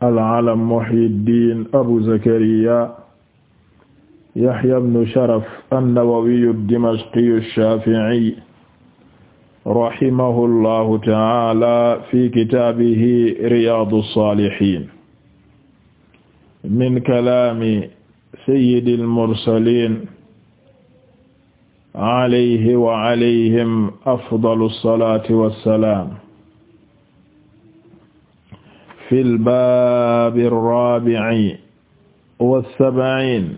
al-alam Muhyiddin Abu Zakariya Yahya ibn Sharaf an-Nawawi ad-Dimashqi ash-Shafi'i rahimahullahu ta'ala fi kitaabihi Riyaadu s-Saalihiin min kalaami sayyidil mursaliin alayhi wa alayhim afdalu s-salaati wa s-salaam fi lbaabi arraabi'i wa sab'iin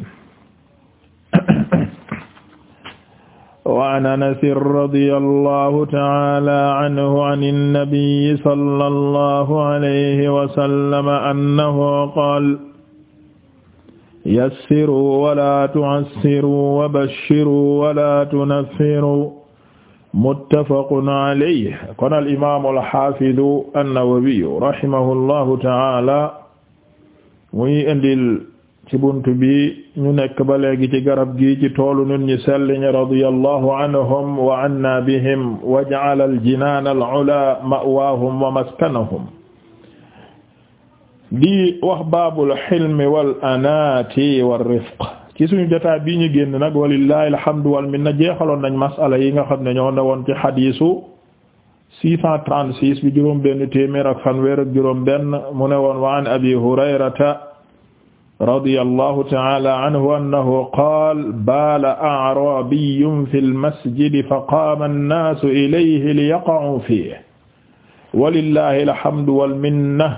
wa an anasin radiyallahu ta'aala anhu ani nabiyyi sallallahu alayhi wa sallam annahu qaala yassiruu wa laa tu'assiruu wa bashshiruu wa laa tunaffiru muttafaqun alayhi kon al imaam al xaafidu an-Nawawi rahimahullahu ta'ala muy indil ci buntu bi ñu nekk ba léegi ci garab gi ci toolu nun ñi sell ñi radiyallahu anhum wa anna bihim wa ja'ala al jinaan al ula ma'waahum wa maskanahum di wax baabul hilmi wal anaati war rifq ci suñu jotaay bii ñu génn nag walillahi alhamdu wal minna jeexaloon nañ masala yi nga xam ne ñoo ne woon ci xadiisu 636 bi juróom benn téeméer ak fanweer ak juróom benn mu ne woon wa an abi hurayrata radiyallahu ta'ala anhu annahu qaala baala a'rabiyyun fil masjidi faqaama an-naasu ilayhi liyaqa'uu fiihi walillahi alhamdu wal minna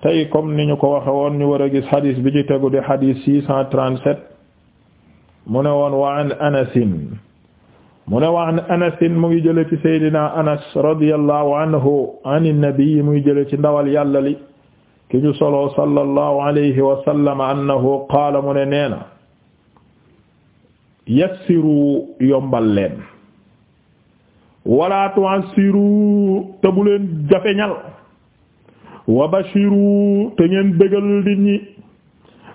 tey comme ni ñu ko waxe woon ñu war a gis xadis bi ci tegu di mu ne woon wa an anasin mu wa an anasin mu ngi jële ci saydina anas radiyallahu anhu an nabi mu ngi jële ci ndawal yàlla li ki ñu solo sallallahu alayhi wa sallam annahu qaala mu ne nee na yassiru yombal leen wala tu'assiru te bu jafeñal wa bashiru te ngeen bégal nit ñi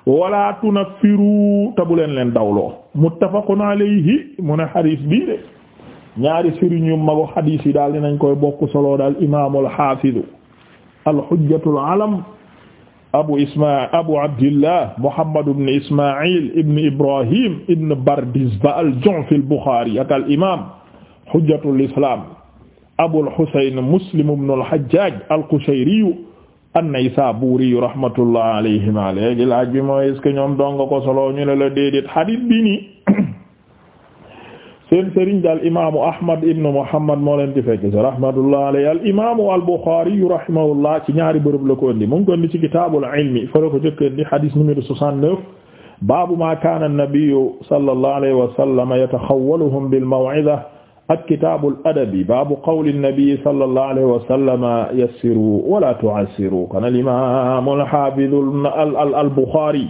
wala tunaffiru te bu leen leen dawloo muttafaqun alayhi mu ne xadis bii de ñaari sëriñ yu mago xadis yi daal dinañ koy bokk solo daal imaamu alxaafidu alxujjatul alam abu isma abu abdillah muhammad ibn isma'il ibn ibrahim ibn bardizba al-ju'fi al-bukhari ak al imaam xujjatul islam abul husayn muslim ibn al-hajjaj al-qushayri an-Naysaburi rahmatullah alayhima léegi laaj bi mooy est-ce ñoom dong ko solo ñu ne la déedéet hadith bi nii seen sëriñ daal imaamu ibn Muhammad moo leen di fekk si rahmatullah alayhi al imaamu al Bukhari rahimahullah ci ñaari bërëb la ko indi mu ngi ko indi ci kitaabul ilmi fa la ko njëkk a indi hadith numéro 69 baabu ma kaana an-nabiyyu sallallahu alayhi wa sallam yatakhawwaluhum bil maw'izah ak kitaabul adabi baabu qawli nabi sallallahu alayhi wa sallama yassiru wala tu'assiru kana al-imaam al-haafiz al-Buxaari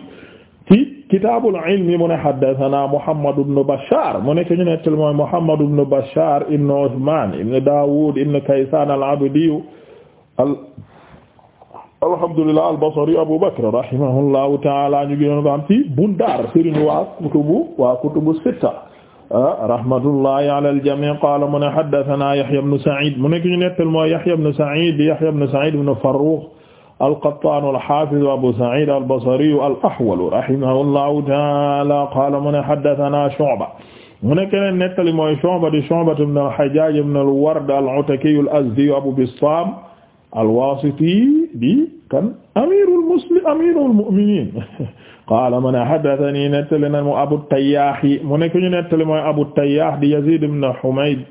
ci kitaabul ilmi mu ne haddasanaa Muhammad ibn Bashaar mu nekk ñu nettal mooy Muhammad ibn Bashaar ibn Usmaan ibn Daawuud ibn Kaysaan al-Abdi alhamdulillah al-Basri Abu Bakr rahimahullahu ta'aala ñu gënoon ko am ci Bundaar sëriñ waa kutubu waa kutubu sitta rahmatullahi ala al-jami' qala mu ne haddathana Yahya ibn Sa'id mu nekk ñu nettal mooy Yahya ibn Sa'id Yahya ibn Sa'id ibn Farrukh al-Qattan al-hafiz Abu Sa'id al-Basri al-Ahwal rahimahullahu ta'ala qala mu ne haddathana Shu'ba mu nekk ñu nettali mooy Shu'ba di Shu'ba ibn al-Hajjaj ibn al-Ward al-Ataki al-Azdi Abu Bistam al-Wasiti di kan amirul muslim amirul mu'minin qaala man haddathani nettali na mu Abu Tayyah yi mu nekk ñu nettali mooy Abu Tayyah di Yazid ibn Humayd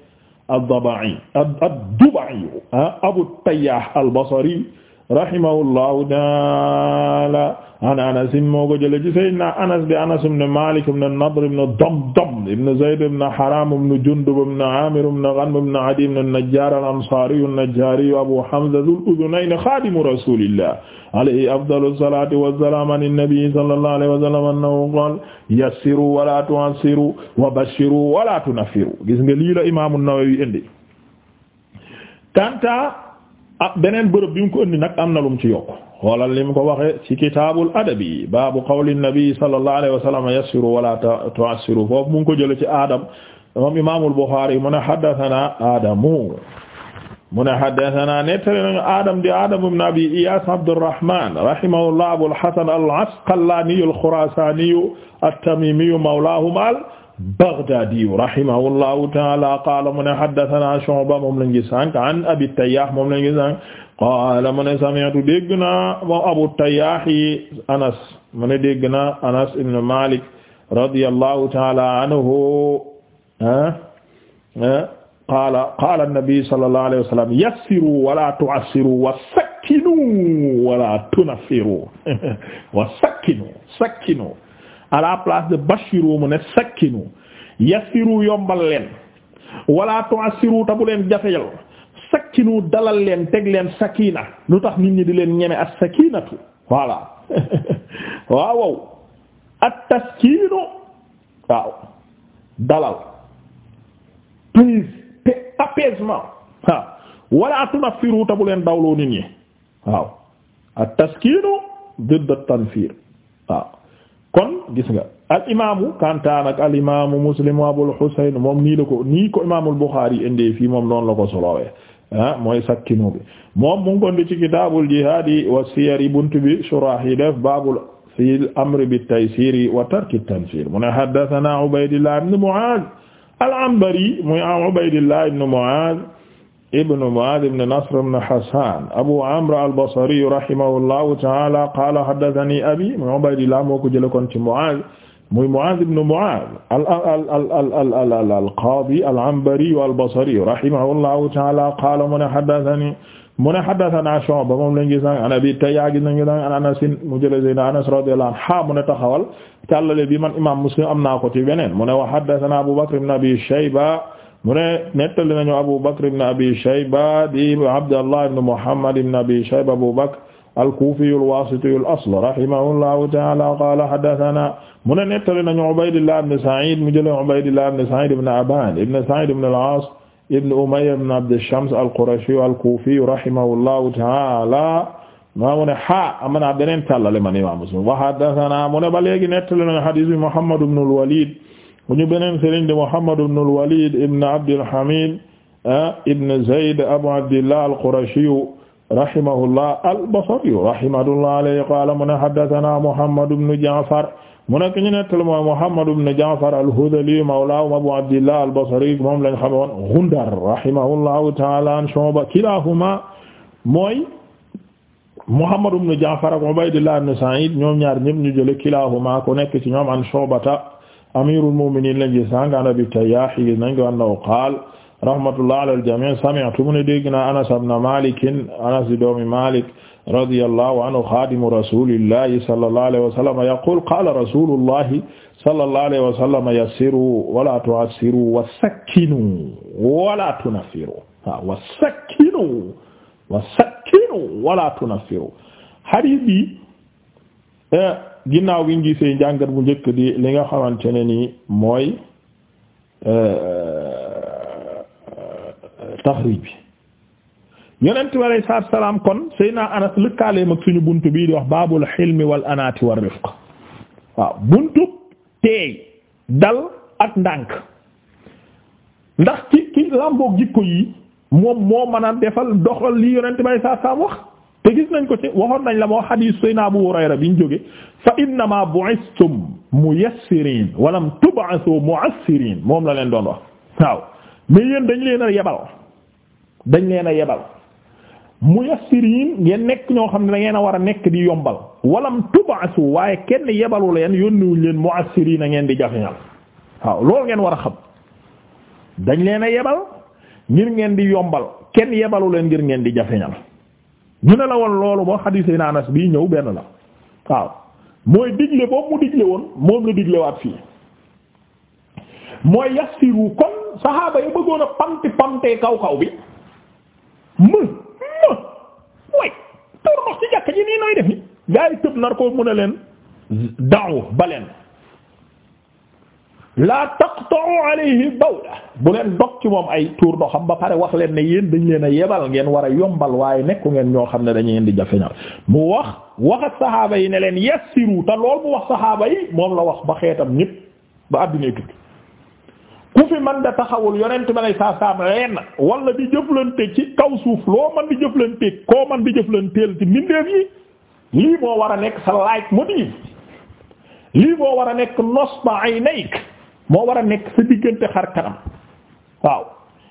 ad-Duba'i ad-Duba'i ah, Abu Tayyah al-Basri rahimahullahu taala an Anas moo ko jëlee ci Seydina Anas bi Anas ibn Malik ibn Nadr ibn Damdam ibn Zayd ibn Haram ibn Jundub ibn Amir ibn Ghanm ibn Adi ibn an-Najjar al-Ansari an-Najjari Abu Hamza Dhul Udhunayn khadimu rasulillah alayhi afdalu salati wassalam an nabi sallallahu alayhi wa sallam annahu qala yassiru wa la tu'assiru wa bashiru wa la tunaffiru gis nga lii la Imam an-Nawawi indi tanta ah beneen bërëb bi mu ko indi nag am na lum ci yokk xoolal li mu ko waxee ci kitaabul adabi baabu qawli nabi sallallahu alayhi wa sallam yassiru wala tu'assiru foofu mu ngi ko jëlee ci Adam moom imaamul Buxaari mu ne haddathana Adamu mu ne haddathana nettali nañu Adam di Adam ibn Abi Iyaas Abdurrahmaan rahimahullah Abul Hasan al-Asqalaani al-Khuraasaani at-Tamiimi mawlaahum al-Baghdaadi rahimahullahu ta'aala qaala mu ne haddathanaa Shu'ba moom lañ gis sànq an Abi Tayyah moom lañ gis sànq qaala mu ne sami'tu dégg naa Abu Tayyah Anas mu ne dégg naa Anas ibn Maalik radiyallahu ta'aala anhu ah, ah, qaala qaala an-nabi sallallahu alayhi wa sallam yassiru wa laa tu'assiru wa sakkinu wa laa tunaffiru wa sakkinu sakkinu à la place de bashiru mu ne sakkinu yassiru yombal leen wala tu'assiru ta bu leen jafeyal sakkinu dalal leen teg leen sakina lu tax nit ñi di leen ñeme as sakinatu voilà waaw at taskinu waaw dalal prise apaisement waaw wala ta bu leen dawloo nit ñi waaw at taskinu didd at tanfir waaw kon gis nga al imaamu kantaan ak al imaamu muslim abul husayn moom nii la ko nii ko imaamul buxaari indee fii moom noonu la ko solowee ah mooy sakkinu bi moom mu ngi ko indi ci kitaabul jihaadi wa siyari buntu bi surah yi def baabul fil amri bit taysiri wa tarki tanfir mu ne haddathana ubaydillah ibn mu'aaz al anbari muy ubaydillah ibn mu'aaz ibn Mu'aaz ibn Nasr ibn Hassan Abu Amr al-Basri rahimahullahu ta'ala qaala haddathanii abii mu Ubaydillah moo ko jëlee kon ci Mu'aaz muy Mu'aaz ibn Mu'aaz al al al al al al-Qaadi al-Anbari al-Basri rahimahullahu ta'ala qaala mu ne haddathanii mu ne haddathanaa Shu'ba moom lañ gis an Abii Tayyaa gis nañ an Anas mu jëlee Seydina Anas radiyallahu anhu mu ne taxawal tallale bi man imaam Muslim am naa ko ci beneen mu ne wa haddathanaa Abu Bakr ibn Abii Shayba mu ne nettali nañu Abu Bakr ibn Abi Shayba di Abdallah ibn Muhammad ibn Abi Shayba Abu Bakr al-Kufi al-Wasiti al-asl rahimahullahu ta'ala qala haddathana mu ne nettali nañu Ubaydillah ibn Sa'id mu jële Ubaydillah ibn Sa'id ibn Aban ibn Sa'id ibn al-As ibn Umayya ibn Abd ash-Shams al-Qurashi al-Kufi rahimahullahu ta'ala maa mu ne ha am na beneen tallale man Imam Muslim wa haddathana mu ne ba léegi nettali nañu hadith bi Muhammad ibn al-Walid mu ñu beneen sëriñ di Muhammad ibn al-Walid ibn Abdilhamid ah, ibn Zayd Abu Abdillah al-Qurashi rahimahullah al-Basri rahimahullah alayhi qala mu ne haddathana Muhammad ibn Ja'far mu nekk ñu nettal mooy Muhammad ibn Ja'far al-Hudhali mawlahum Abu Abdillah al-Basri moom lañ xamoon Ghundar rahimahullahu ta'ala an Shu'ba kilahuma mooy Muhammad ibn Ja'far ak Ubaydillah ibn Sa'id ñoom ñaar ñëpp ñu jële kilahuma ku nekk ci ñoom an Shu'bata amirul mu'minin lañ gis nga ah, an Abi Tayyah gis nañ ko annahu qaal rahmatullah ala al-jami' sami'tu mu ne dégg naa Anas ibn Malik Anas doomi Malik radiyallahu anhu xaadimu rasulillahi sallallahu alayhi wa sallam yaqul qaala rasulullahi sallallahu alayhi wa sallam yassiru wala tu'assiru wa sakkinu wala tunaffiru wa sakkinu wa sakkinu wala tunaffiru hadith bi eh, ginnaaw gi ñu gisee njàngat bu njëkk di li nga xamante ne ni mooy euh, taxrij bi yonent bi alayhi salaatu salaam kon Seydina Anas lëkkaaleem ak suñu bunt bii di wax baabul xilmi wal anaati war rifq waaw buntu teey dal ak ndànk ndax ki ki làmboog jikko yi moom moo mën a defal doxal li yonent bi alayhi salaatu wax te gis nañ ko ci waxoon nañ la moo xadiis sayna Abu Hurayra biñ jóge fa innama bu'istum muyassirin walam tub'asu mu'assirin moom la leen doon wax waaw mais yéen dañ leen a yebal dañ leen a yebal muyassirin ngeen nekk ñoo xam ne dangeen a war a nekk di yombal walam tub'asu waaye kenn yebalu leen yónniwuñ leen mu'assirin a ngeen di jafeñal waaw loolu ngeen war a xam dañ leen a yebal ngir ngeen di yombal kenn yebalu leen ngir ngeen di jafeñal ñu ne la woon loolu boo xadiis yi na Anas ñëw benn la waaw mooy digle boobu mu digle woon moom la diglewaat fii mooy yassiru kon saxaaba yi bëggoon a pamti pamtee kaw kaw bi më më way tóor ci jàkk ji nii nooy def ni gaa yi tëb nar ko mën a leen daaw ba leen laa taqta'u alayhi bawla bu leen dog ci moom ay tuur doxam ba pare wax leen ne yéen dañ leen a yebal ngeen war a yombal waaye nekku ngeen ñoo xam ne dañu leen di jafeñal mu wax waxat saxaaba yi ne leen yassiru te lool mu wax saxaaba yi moom la wax ba xeetam ñépp ba àddina tukki ku fi man da taxawul yonent ba lay saa saam leen wala di jëflante ci kaw suuf loo man di jëflante koo man di jëflanteel ci mbindeef yi lii moo war a nekk sa laaj lii moo war a nekk nos ba moo war a nekk sa diggante xar kanam waaw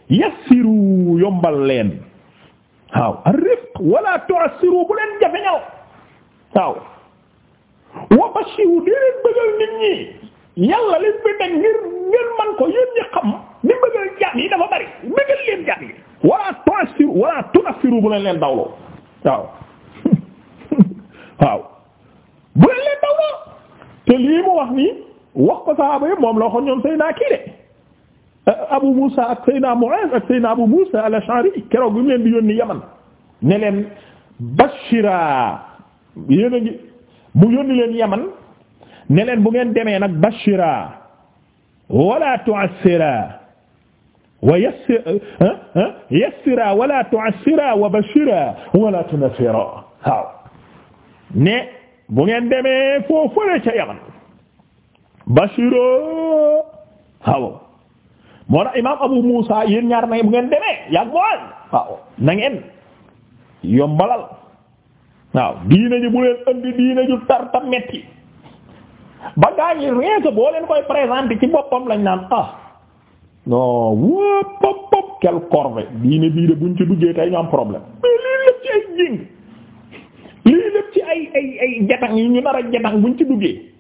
yassiru yombal leen waaw ar-rifq wala tu'assiru bu leen jafeñal waaw wa bashiru di leen bëggal nit ñi yàlla leen fi teg ngir ngeen man ko yéen ñi xam ni bëggal jaam yi dafa bari bëggal leen jaam yi wala tu'assiru wala tu'assiru bu leen leen dawloo waaw waaw bu leen leen dawloo te lii mu wax nii wax ko sahaaba yëpp moom la waxoon ñoom Seydina kii de Abu Musa ak Seydina Muaz ak Seydina Abu Musa al-Ash'ari keroog bi leen di yónni Yaman ne leen bashira yéen a ngi mu yónni leen Yaman ne leen bu ngeen demee nag bashira wala tu'assira wa yassir yassira wala tu'assira wa ne bu ngeen demee foofu la ca bashiro waaw moo tax imaam abu muusa yéen ñaar na bu ngeen demee yàgg mooy waaw na ngeen yombalal waaw diina ji bu leen indi diina ju tar metti ba gaa yi reese boo leen koy présenter ci boppam lañ naan ah non waa pop pop quelle corvée diine bii buñ ci duggee tey ñu am problème mais lii lépp ci ay njing lii lépp ci ay ay ay jatax ñu nar a jatax buñ ci duggee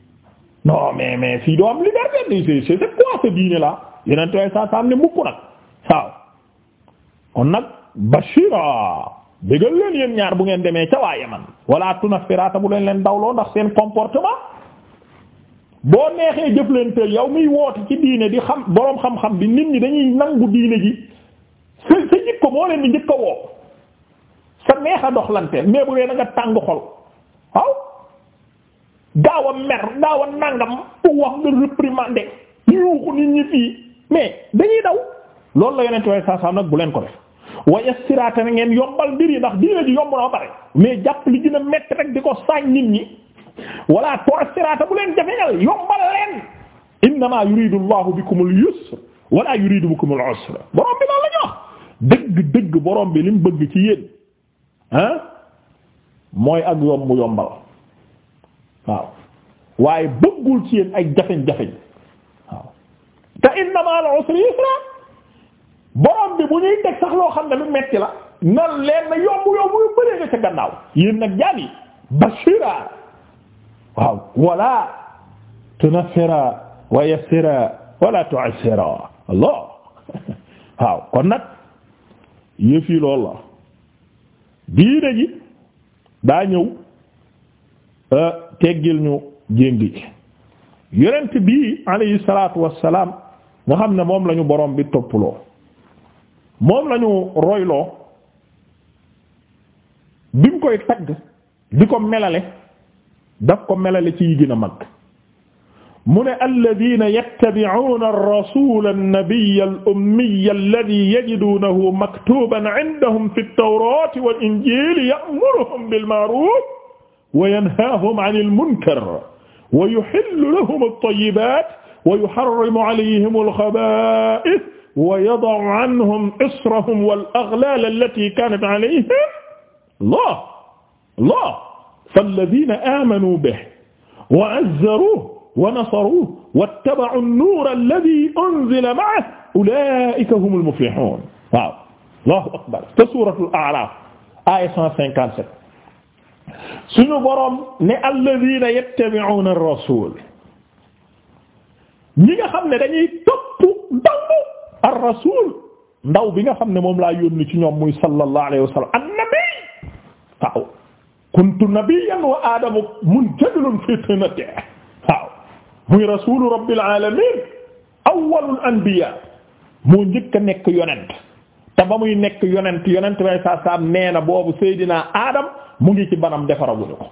non mais mais fii doo am liberté ni c'est quoi ce diine là yeneen tooy saa saa am ne mukk nag waaw kon nag bashira déggal leen yéen ñaar bu ngeen demee ca man Yaman wala tunafirata bu leen leen dawloo ndax seen comportement boo neexee jëf leen teel yow miy woote ci diine di xam boroom xam-xam bi nit ñi dañuy nangu diine ji sa sa jikko moo leen di njëkk woo sa neex a mais bu dee da nga tàng xol waaw. daawa a mer gaaw a nangam pour wax nga réprimander yuuxu nit ñi fii mais dañuy daw loolu la yonent way saasaam bu leen ko def waaye siraata na yombal mbir yi ndax diina ji yomb na ba pare mais jàpp li gën a metti rek di ko saañ nit ñi walla toog siraata bu leen jafeñal yombal leen innama yuridu allahu bikumul yusr wala yuridu bikumul usr borom bi loolu la wax dëgg dëgg borom bi li bëgg ci yéen ah mooy ak yomb yombal waaw waaye bëggul ci yéen ay jafeñ-jafeñ waaw te inna ma'al usri yusra borom bi bu ñuy teg sax loo xam ne lu metti la nan leen na yomb yomb yu bëree nga ca gannaaw yéen nag jaam yi bashira waaw wala tunafira wa waaw kon nag yëf yi loolu la ji daa ñëw euh, teggil ñu jéngi ci yonent bii alayhi salaatu wassalaam nga xam ne moom lañu boroom bi toppaloo moom lañu royloo bi koy tagg di ko melale daf ko melale ci yi gën a mag mu ne alladina yattabi'una ar-rasula an-nabiyya al-ummiyya alladhi yajidunahu maktuban 'indahum fi at-tawrati wal-injili ya'muruhum bil-ma'ruf wa yanhaahum anil munkar wa yuhillu lahum at-tayyibaat wa yuharrimu alayhim al-khabaa'ith wa yada'u anhum israhum wal aghlaal allatii kaanat alayhim Allah Allah fallaziina aamanuu bihi wa 'azzaruuhu wa nasaruuhu wattaba'u an-nuura allazii unzila ma'ahu ulaa'ika humul muflihuun waaw Allahu akbar te suuratul A'raaf aaya 157 suñu boroom ne alladhina yattabi'una ar-rasul ñi nga xam ne dañuy ndaw bi nga xam ne moom laa yónni ci ñoom muy sallallahu alayhi wa sallam an-nabi waaw kuntu nabiyyan wa aadamu munjadilun fi tinatihi waaw muy rasulu rabbil alamin awwalul anbiya moo njëkk a nekk yonent te ba muy nekk yonent yonent bay saa saam nee na boobu seydinaa adam mu ngi ci banam defaraguñu ko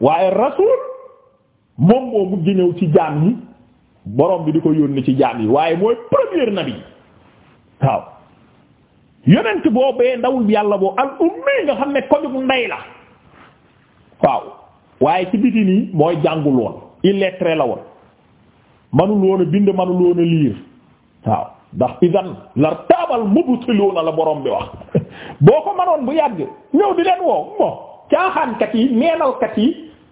waaye rasul moom moo mujj ñëw ci jaam yi borom bi di ko yónni ci jaam yi waaye mooy premier nabi waaw yonent boobee ndawul yàlla boo al ummi nga xam ne kojug ndey la waaw waaye ci biti nii mooy jàngul woon illettré la woon manul bind manul liir waaw ndax idan larta amal mubtiluuna la borom bi wax boo ko manoon bu yàgg ñëw di leen woo mo caaxaankat yi neenalkat yi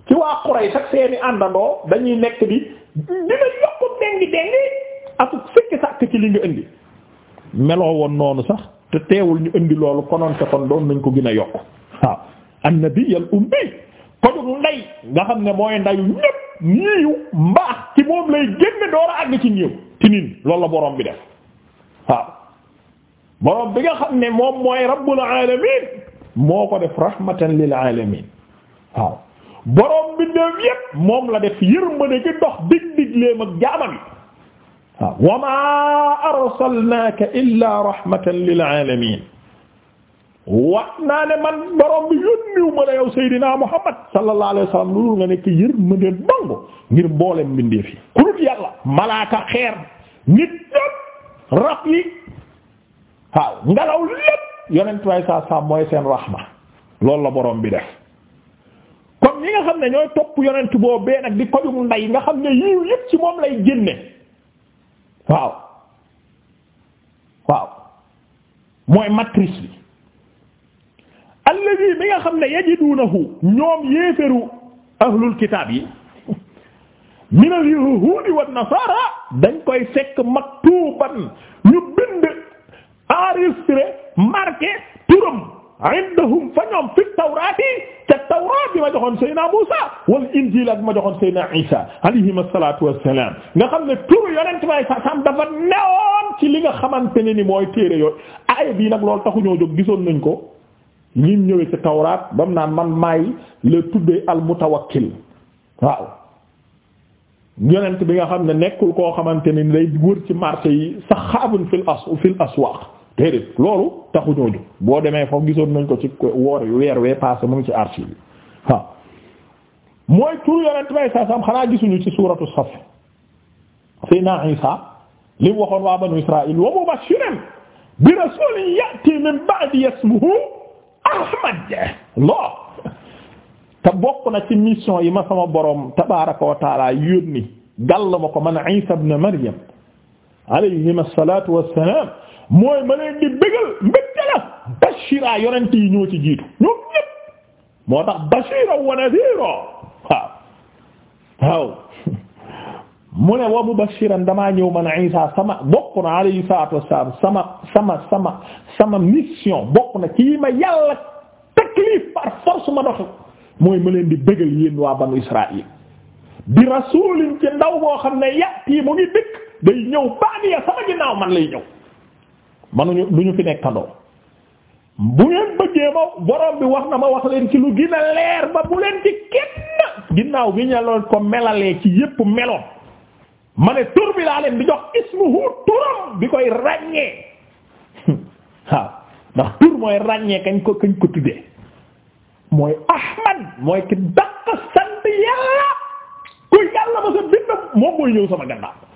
ci waa Quraysh ak seeni àndandoo dañuy nekk di dina yokku dengi dengi ak fekk sàkk ci li nga indi meloo woon noonu sax te teewul ñu indi loolu konoon te kon doon nañ ko gën a yokk waaw annabi al ummi kodu ndey nga xam ne mooy ndayu ñépp ñiiw mbaax ci moom lay génne door a àgg ci ñiiw ci niin loolu la borom bi def waaw borom bi nga xam ne moom mooy rabbul alamin moo ko def rahmatan lil alamin waaw borom bi def yépp moom la def yërmande gi dox dig-digleem ak jaamam yi waaw wa ma arsalnaaka illa rahmatan lil alamin wax naa ne man borom bi yónniw ma la yow Seydina Muhammad sallallahu alayhi wa sallam loolu nga nekk yërmande dong ngir mboolem mbindeef yi ku dul yàlla malaaka xeer nit ñépp rab yi waaw ngelaw lépp yonent way saa saa mooy seen rahma loolu la boroom bi def kon ñi nga xam ne ñooy topp yonent boobee nag di kojum nday nga xam ne yiw yépp ci moom lay génne waaw waaw mooy matrice bi mi nga xam ne yajidunahu ñoom yéeferu ahlul kitaab yi min al yahuudi nasaara dañ koy fekk maktuban ñu bind enregistré marqué turam indahum fa ñoom fi tawraati ca tawraat bi ma joxoon Seyna Muusa wal injiil ak ma joxoon Seyna Isa alayhi salaatu wassalaam nga xam ne turu yonent may sa sam dafa newoon ci li nga xamante ne ni mooy téere yooyu aaya bii nag loolu taxu ñoo jóg gisoon nañ ko ñim ñëwee ci tawraat ba mu naan man maay le tuddee al mutawakkil waaw yonent bi nga xam ne nekkul koo xamante ne ni day wër ci marché yi saxaabun fil as fil aswaaq déedéet loolu taxu jóg boo demee foofu gisoon nañ ko ci woor weer wee passé mu ngi ci archive yi waaw mooy turu yonent bay saa sam xanaa gisuñu ci suuratu Saf sayna waxoon waa banu Israil wa mubashiran bi rasulin ya'ti min ba'di ismuhu Ahmad loo te bokk na ci mission yi ma sama borom tabaaraka wa taala yónni gàll ma ko man Isa ibn Maryam alayhim assalatu wassalam mooy ma leen di bégal mbégte la bashira yonent yi ñoo ci jiitu ñoom ñépp moo tax bashira wa nadhira waaw waaw mu ne wa mubashiran damaa ñëw man Isa sama bokk na alayhi salatu wassalam sama sama sama sama mission bokk na ci ma yàlla taklif par force ma dox mooy ma leen di bégal yéen waa banu Israël bi rasulin ci ndaw boo xam ne yàtt yi mu ngi dëkk day ñëw baaniya sama ginnaaw man lay ñëw manuñu lu ñu fi nekkandoo bu ngeen bëggee ma borom bi wax na ma wax leen ci lu gën leer ba bu leen ci kenn ginnaaw bi ñaloon ko melalee ci yépp meloon ma ne tur bi laa leen di jox ismuhu turam bi koy ràññee waaw ndax tur mooy ràññee kañ ko kañ ko tuddee mooy ahmad mooy ki daq sant yàlla ku yàlla ba sa bind moom mooy ñëw sama gannaaw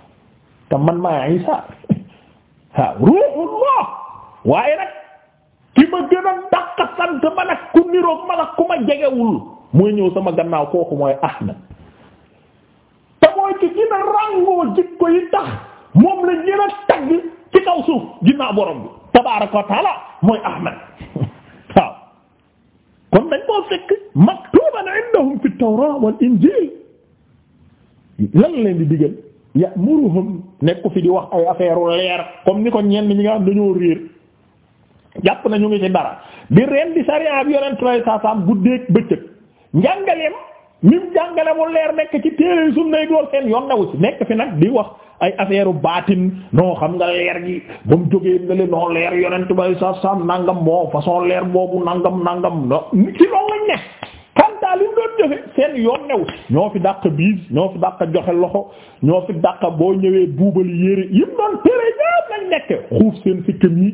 te man maa Isa waaw ruuxullah waaye nag ki ma gën a dàq sant man ak ku niroog man ak ku ma jegewul mooy ñëw sama gannaaw kooku mooy Ahmad te mooy ci gën a ràngoo jikko yi tax moom la gën a tagg ci kaw suuf ginnaaw borom bi tabaaraka wa taala mooy Ahmad waaw kon dañ koo fekk maktuban indahum fi tawra wal injil lan leen di digal ya'muruhum nekku fi di wax ay affaire leer comme ni ko ñenn ñi nga xam dañoo réer jàpp na ñu ngi ci dara bi ren di sariya bi yonent lay saasaam guddeeg bëccëg njàngaleem mim jàngale leer nekk ci téere sunna yi dool seen yoon nawu si nekk fi nag di wax ay affaire baatin non xam nga leer gi ba mu jógee nale non leer yonent bay saasaam nangam leer nangam ci loolu lañ kantaa li mu doon jëfe seen yoon new ñoo fi dàq biis ñoo fi dàq joxe loxo ñoo fi dàq boo ñëwee buubali yére yi mu doon tere ñaar nekk xuuf seen sikkam yi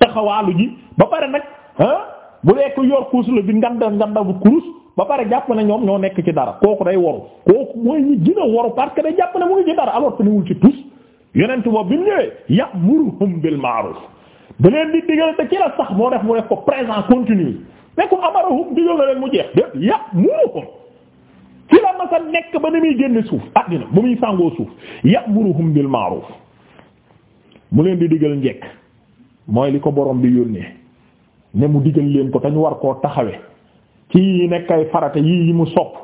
taxawaalu ji ba pare nag ah bu dee ko yor kuus la bi nganda nganda bu kurus ba pare jàpp na ñoom ñoo nekk ci dara kooku day waru kooku mooy ñu gën a waru parce que day jàpp na mu ngi ci dara alors que ni wul ci tus yonent boobu bi mu ñëwee ya'muruhum bil ma'ruf da leen di digal te ci la sax moo def mu def ko présent ne ko amarahum digal na leen mu jeex dé yàpp muruhum ci muy génne suuf addina ah bu muy sàngoo suuf ya'muruhum bil ma'ruf mu leen di digal njekk mooy li ko borom bi yónnee ne mu digal leen ko dañu war koo taxawe ci yi nekk ay farata yi mu sopp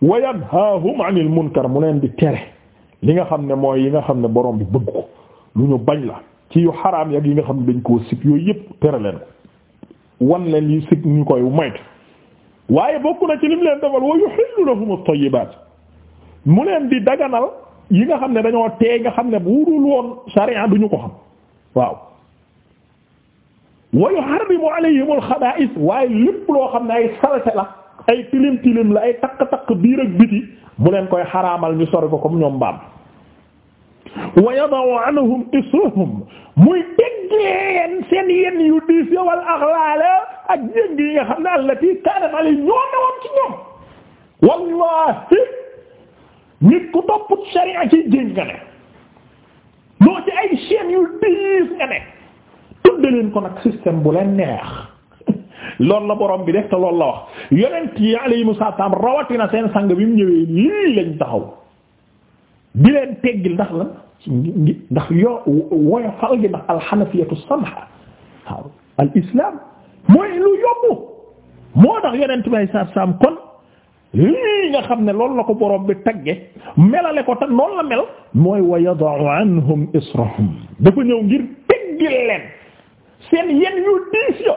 wa yanhaahum mun munkar mu leen di tere li nga xam ne mooy yi nga xam ne borom bi bëgg ko lu ñu bañ la ci yu xaraam yi nga xam ne dañ koo sib yooyu yépp tere leen ko wan leen yi sikk ñu koy moytu waaye bokk na ci lim leen defal wa yuhillu lahum at-tayyibat mu leen di daganal yi nga xam ne dañoo tee nga xam ne bu wurul woon sharia duñu ko xam waaw wa yuharrimu alayhim al-khaba'is waaye lépp loo xam ne ay salte la ay tilim tilim la ay takk-takk biir ak biti mu leen koy xaraamal ñu sori ko comme ñoom mbaam wa yada'u anhum israhum muy teggeen seen yenn yu diis yowal axlaala ak jëng yi nga xam ne allati kanat alay ñoo newoon ci ñoom wallahi nit ku topp sharia ci jëng nga ne loo ci ay chaînes yu diis nga ne tudde leen ko nag système bu leen neex loolu la borom bi def te loolu la wax yonent yi alayhimu salaam rawatina seen sang bi mu ñëwee lii lañ taxaw di leen teggil ndax lan ndax yo woyofal gi ndax alxanafiyatu samha al islam mooy lu yomb moo tax yonent may sar sam kon lii nga xam ne loolu la ko borom bi tagge melale ko te noonu la mel mooy wa yada'u anhum israhum dafa ñëw ngir teggil seen yen yu diis yo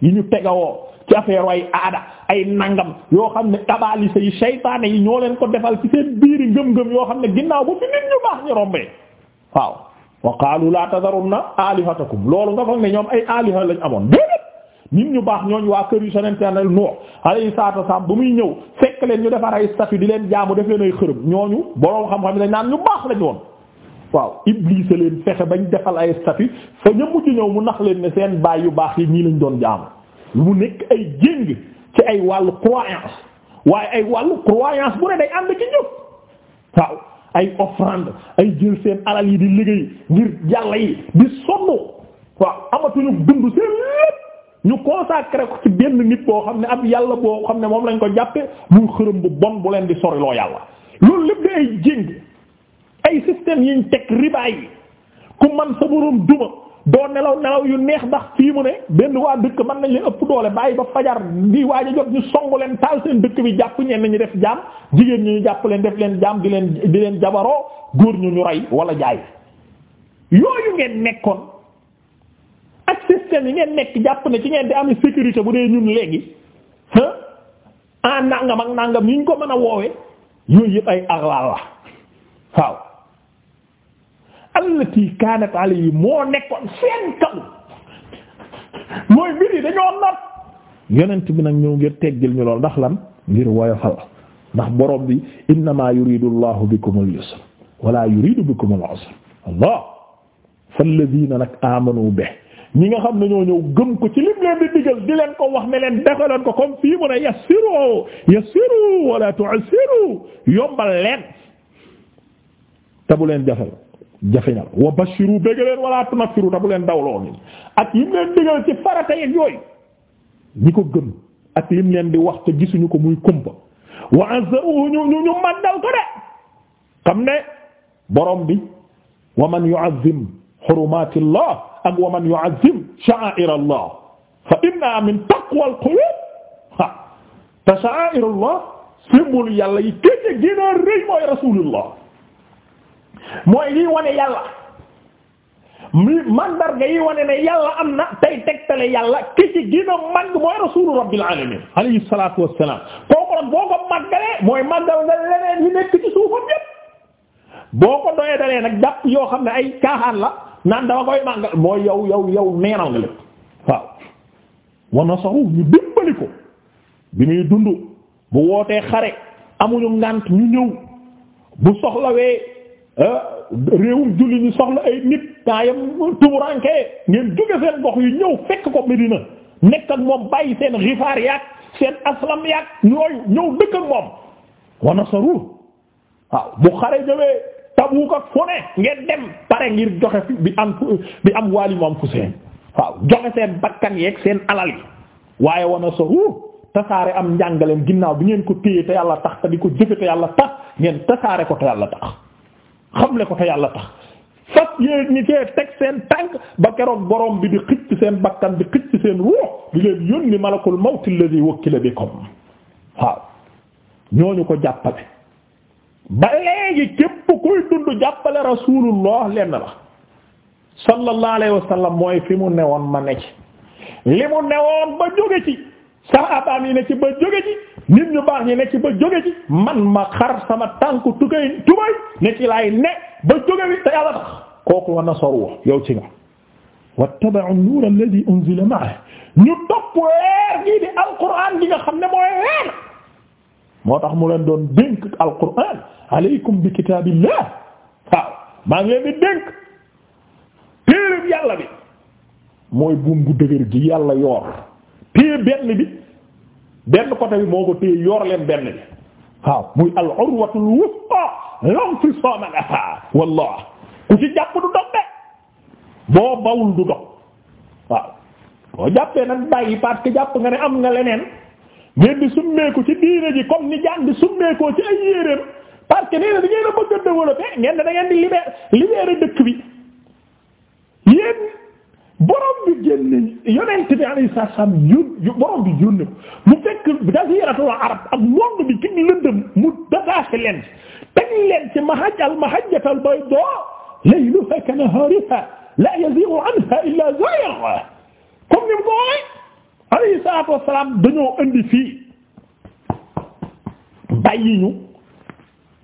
yi ñu tegawoo ci ay aada ay nangam yoo xam ne tabalise yi saytaane yi ñoo leen ko defal ci seen yi ngëm-ngëm yoo xam ne ginnaaw bu fi nit ñu baax ñu rombee waaw wa qaalu la tazarunna alihatakum nga foog ne ñoom ay aliha lañ amoon déedéet ñu baax ñooñ waa kër yu sonente nel Nuux alayhi salaatu wasallam bu muy ñëw fekk leen ñu defar ay statue di leen jaamu def leen ay xërëm ñooñu boroom xam-xam dañ naan ñu baax lañ woon waaw Iblis leen fexe bañ defal ay statue fa ña mujj ñëw mu nax leen ne seen baay yu baax yi ñii lañ doon jaamu mu nekk ay jéng ci ay wàllu croyance waaye ay wàllu croyance bu ne day ànd ci ñëpp waaw ay offrande ay jël seen alal yi di liggéey ngir yàlla yi di sonn waaw amatuñu dund seen lépp ñu consacré ko ci benn nit boo xam ne ab yàlla boo xam ne moom lañ ko jàppe muy xërëm bu bon bu leen di soriloo yàlla loolu lépp day ay jéng ay système yiñ teg ribaay yi ku man sa boroom duma doo nelaw nelaw yu neex ndax fii mu ne benn waa dëkk mën nañ leen ëpp doole bàyyi ba fajar di waaj a jot ñu songu leen taal seen dëkk bi jàpp ñenn ñu def jaam jigéen ñu ñu jàpp leen def leen jaam di leen di leen jabaroo góor ñu ñu rey wala jaay yooyu ngeen nekkoon ak système yi ngeen nekk jàpp ne ci ngeen di am sécurité bu dee ñun léegi ah nangam ak nangam ñu ko mën a woowee yooyu yëpp ay arlaal la waaw. allati kanat alayhi moo nekkoon seen kaw mooy mbir yi dañoo nar yonent bi nag ñëw ngir teggil ñu lool ndax lan ngir woyofal ndax borom bi innama yuridu allahu bikumul yusra wala yuridu bikumul usra allah falladina nag amanu be ñi nga xam ne ñoo ñëw gëm ko ci lim leen di digal di leen ko wax ne leen defaleen ko comme fii mu ne yassiru yassiru wala tu'siru yombal leen te bu leen jafal jafeñal wa bashiru bëgg leen wala tunfiru ta bu leen dawloo ni ak yim leen digal ci farata yeeg yooyu ñi ko gëm ak lim leen di wax te gisuñu ko muy kumpa wa azzaruhu ñu ñu màggal ko de xam ne borom bi wa man yu'azzim hurumatillah ak wa man yu'azzim sha'a'irallah fa inna min taqwal qulub ha ta sha'a'irullah symbole yàlla yi kénte gëna rëy mooy rasulullah mooy liy wane yàlla mandarga yi wane ne yàlla am na tey tegtale yàlla ki ci gën a màgg mooy rasulu rabbil alamin alayhi salatu wassalam kooku nag boo ko màggalee mooy màggal nga leneen yi nekk ci suufam yépp boo ko doyee nag jàpp yoo xam ne ay caaxaan la naan dama koy màggal mooy yow yow yow neenal nga lépp waaw wa ñu soxlawee Ah, réewum julli ñu soxla ay nit temps ngeen jóge seen gox yu ñëw fekk ko Medina nekk ak moom bàyyi seen rifaar yaak seen aslam yaak ñooyu ñëw dëkk ak moom wana sa ruur waaw bu xare ñëwee Tabuk ak fu ne ngeen dem pare ngir joxe bi am bi am waali mu am fu seen waaw joxe seen bakkan yeeg seen alal yi waaye wana sa ruur tasaare am njàngaleen ginnaaw bi ngeen ko téye te yàlla tax te di ko jëfe te yàlla tax ngeen tasaare ko te yàlla tax xamle ko te yàlla tax fas yéeg ñi teg seen tànk ba keroog borom bi di xicc seen bakkan di xicc seen ruux di leen yónni malakul mawt alladhi wukkila bikum waaw ñooñu ko jàppale ba léegi képp kuy dund jàppale rasulullah lenn la sallallahu alayhi wa sallam mooy fi mu newoon ma ne ci li mu newoon ba jóge ci saxaabaam yi ne ci ba jóge ci nit ñu baax ñi ne ci ba jóge ci man ma xar sama tànku tukay tubay ne ci laay ne ba jóge wi te yàlla tax kooku war na yow ci nga wattaba'u an-nuura alladhi unzila xam ne moo tax mu leen doon dénk alquran alaykum bi kitaabillah waaw maa ngi leen di dénk yàlla bi mooy buum gu dëgër gi yàlla yor téye benn bi benn côté bi moo ko téye yor leen benn bi waaw muy al urwatul wuthqa lanfisaama laha wallah ku ci jàpp du dog de boo bawul du dog waaw boo jàppee nag bàyyi parce que jàpp nga ne am nga leneen ngeen di summeeku ci diine ji comme ni jaan di summeekoo ci ay yéreem parce que nee na da ngeen a bëgg a ngeen da ngeen di libérer libérer dëkk bi yéen borom bi génn yonent bi alayhi salaam yón borom bi yónni mu fekk jasiratul arab ak monde bi ci lëndëm mu détaché leen teg leen ci mahaj al mahajjatul bayda layluha ka nahaariha la yazighu anha illa zayg comme ni mu ko waxee alayhi salaatu wassalaam dañoo indi fii bàyyi ñu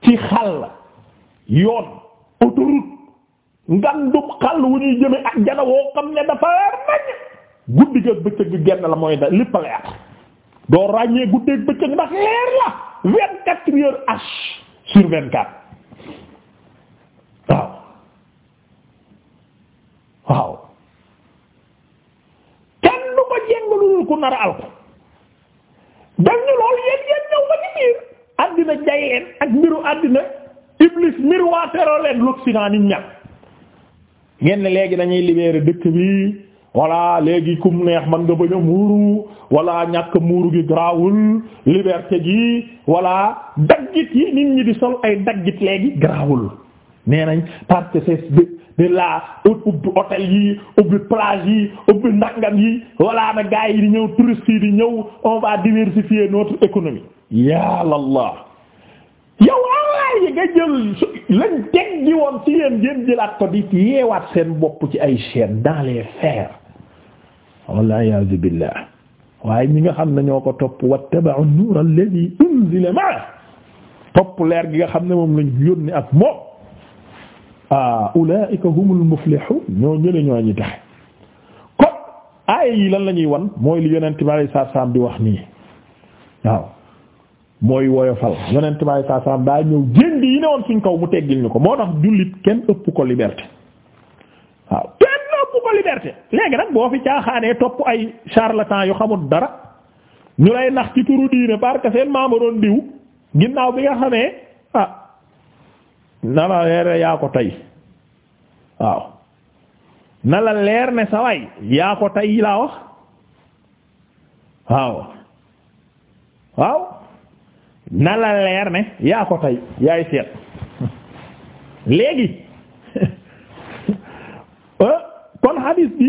ci xàll yoon autoroute ngandum xal wu ñuy jëme ak jana woo xam ne dafa ràññ guddi ak bëccëg gi genn la mooy da lépp a leer doo ràññee guddi bëccëg ndax leer la vingt quatre heures H sur vingt quatre waaw waaw kenn du ko jeng lu ku nar a alko ñu loolu yéen yéen ñëw ba ci biir àddina jayeen ak mbiru àddina iblis miroir teroo leen lu si naa ni ñàkk ngeen léegi dañuy libérer dëkk bi voilà léegi kum neex man nga bañ a muuru wala ñàkk muuru gi garaawul liberté gi voilà daggit yi nit ñi di sol ay daggit léegi garaawul nee nañ parce que c'est de la ubbi hôtel yi ubbi plage yi ubbi ndangam yi voilà na gars yi di ñëw touristes yi di ñëw on va diversifier notre économie ya Allah yow aay yi nga jël lañ teg woon ci yéen jëlaat ko di yeewaat seen bopp ci ay chaînes dans les fers wallahi a'uuzu waaye ñi nga xam ne ñoo ko topp wattaba'u an-nuura alladhi ma'a topp leer gi nga xam ne moom lañ yónni ak moom ah ulaa'ika humul muflihuun ñoo ñële ñoo ñi taxe kon yi lan lañuy ñuy wan mooy li yeneen bi alayhi salaam di wax nii waaw mooy woyofal yonent bi alayhi salaam daa ñëw jënd yi ne woon suñ kaw mu teggil ñu ko moo tax jullit kenn ëpp ko liberté waaw kenn ëpp ko liberté léegi nag boo fi caaxaanee topp ay charlatan yu xamul dara ñu lay nax ci turu diine parce seen maamaroon diw ginnaaw bi nga xamee ah na la leer ne yaa ko tey waaw na la leer ne sa waay yaa ko tey laa wax waaw waaw na la leer ne yaa ko tey yaay seet léegi euh, kon hadis bi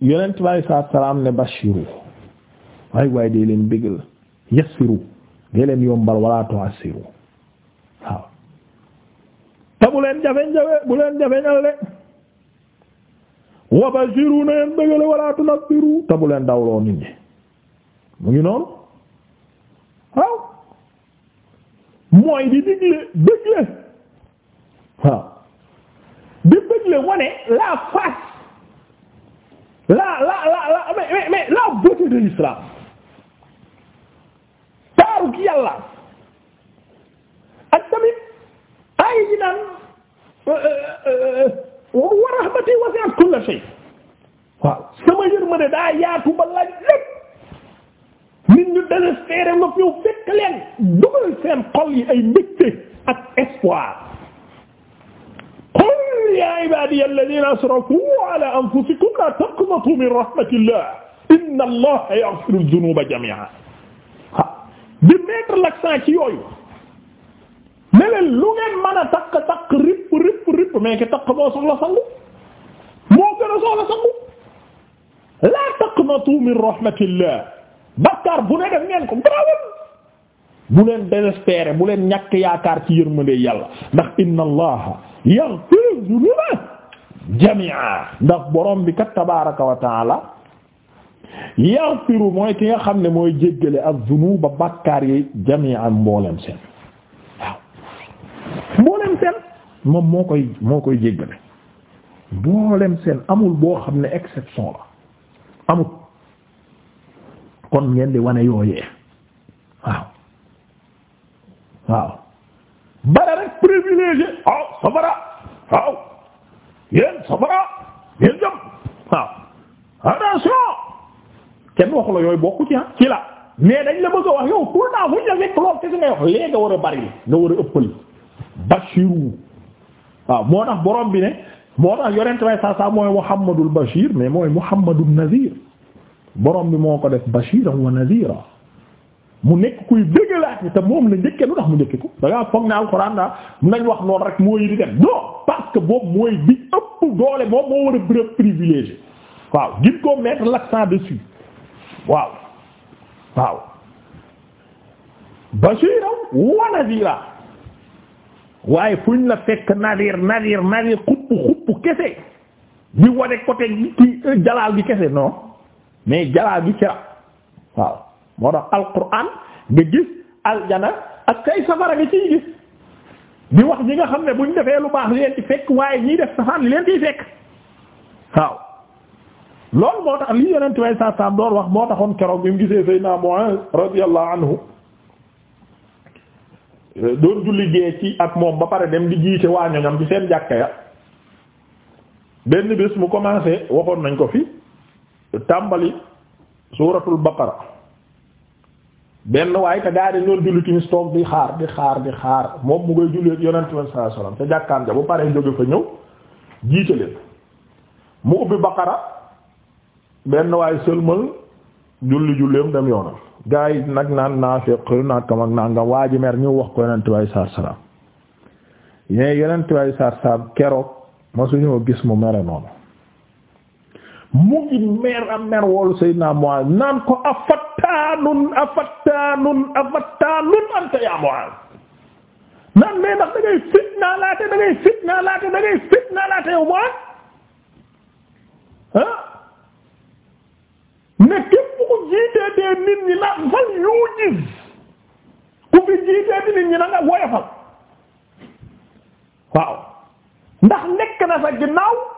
yonent bi alayhi salaatu salaam ne bashiru waay waay dee leen bégal yassiru dee leen yombal wala tu'assiru waaw te bu leen jafeñ-jafe bu leen jafeñal de wa te bu leen dawloo nit ñi mu ngi noonu mooy di digle bëgle waaw di bëgle wane la face la la la la mais mais la beauté de l'islam taaru ki yàlla ak tamit ay ji naan euh, euh, euh, wa rahmati wasi'at kulla shay waaw sama yërmande daa yaatu ba laaj lépp nit ñu désespéré nga fi yow fekk leen dugal seen ay mbégte ak espoir qul ya ibadiya alladhina asrafu ala anfusikum la taqnatu min rahmatillah inna allaha yaghfiru dhunuba jami'a di mettre l'accent ci yooyu ne leen lu ngeen mën a takk takk rip rip rip mais ki takk moo sangu moo gën sangu la taqnatu min rahmatillah bàkkaar bu ne def ngeen ko garawal bu leen désespéré bu leen ñàkk yaakaar ci yërmande yàlla ndax inna allaha yaghfiru dhunuba jami'a ndax borom bi kat tabaraka wa taala yaghfiru mooy ki nga xam ne mooy jéggale ak dhunuba bàkkaar yi jami'an mboolem seen mboolem seen moom moo koy moo koy jéggale mboolem seen amul boo xam ne exception la amul kon ngeen di wane yooyee waaw waaw bara rek privilégié waaw safara waaw yéen safara yéen jëm waaw attention kenn waxu la yooyu bokku ci ah ci la mais dañ la bëgg a wax yow tout le temps fuñ la fekk lool kese nga wax léegi nga war a bari nga war a ëppal bashiru waaw moo tax borom bi ne moo tax yonent way sa sa mooy Muhammadul Bashir mais mooy Muhammadun Nazir borom bi moo ko def bashiran wa nadhira mu nekk kuy bëggalaat te moom la njëkkee lu tax mu njëkkee ko da ngaa foog ne alxuraan daa nañ wax noonu rek mooy di parce que boobu mooy bi doole moom moo war a bëre privilégié waaw gis koo mettre l'accent dessus waaw waaw bashiran wa nadhira waaye fuñ la fekk nadir nadir nadir xupp xupp kese di wane côté ki euh, jalaal bi kese non mais jalaa gi ci waaw moo tax alquran nga gis aljana ak kay safara nga ciy gis di wax ñi nga xam ne buñ defee lu baax leen ci fekk waaye ñiy def safaan leen ciy fekk waaw loolu moo tax li yonent way sa sam doon wax moo taxoon keroog bi mu gisee Seydina Mu'az radiyallahu anhu doon julli gee ci ak moom ba pare dem di jiite waa ñoñam ci seen jàkka ya benn bés mu commencé waxoon nañ ko fi tàmbali suuratul baqara benn waaye te gaa yi dañ doon julli timis toog di xaar di xaar di xaar moom mu koy julli yonent bi sallallahu alayhi te jàkkaan ja bu paree jóge fa ñëw jiite leen mu ubbi baqara benn waaye sëlmal julli julleem dem yoonam gaa yi nag naan naa fekk nakam ak naa nga waa ji mer ñu wax ko yonent bi sallallahu alayhi wasallam yee yonent bi sallallahu alayhi keroog ma suñoo gis mu mere noonu mu ngi mer am mer woolu Seydina Muaz naan ko afattaanun afattaanun afattaanun anta ya Muaz naan mais ndax da ngay fitna laate da ngay fitna laate da ngay fitna laate yow Muaz ne képp ku jiitee dee nit ñi la fal yu gis ku fi jiitee di nit ñi na nga woyofal waaw ndax nekk na sa ginnaaw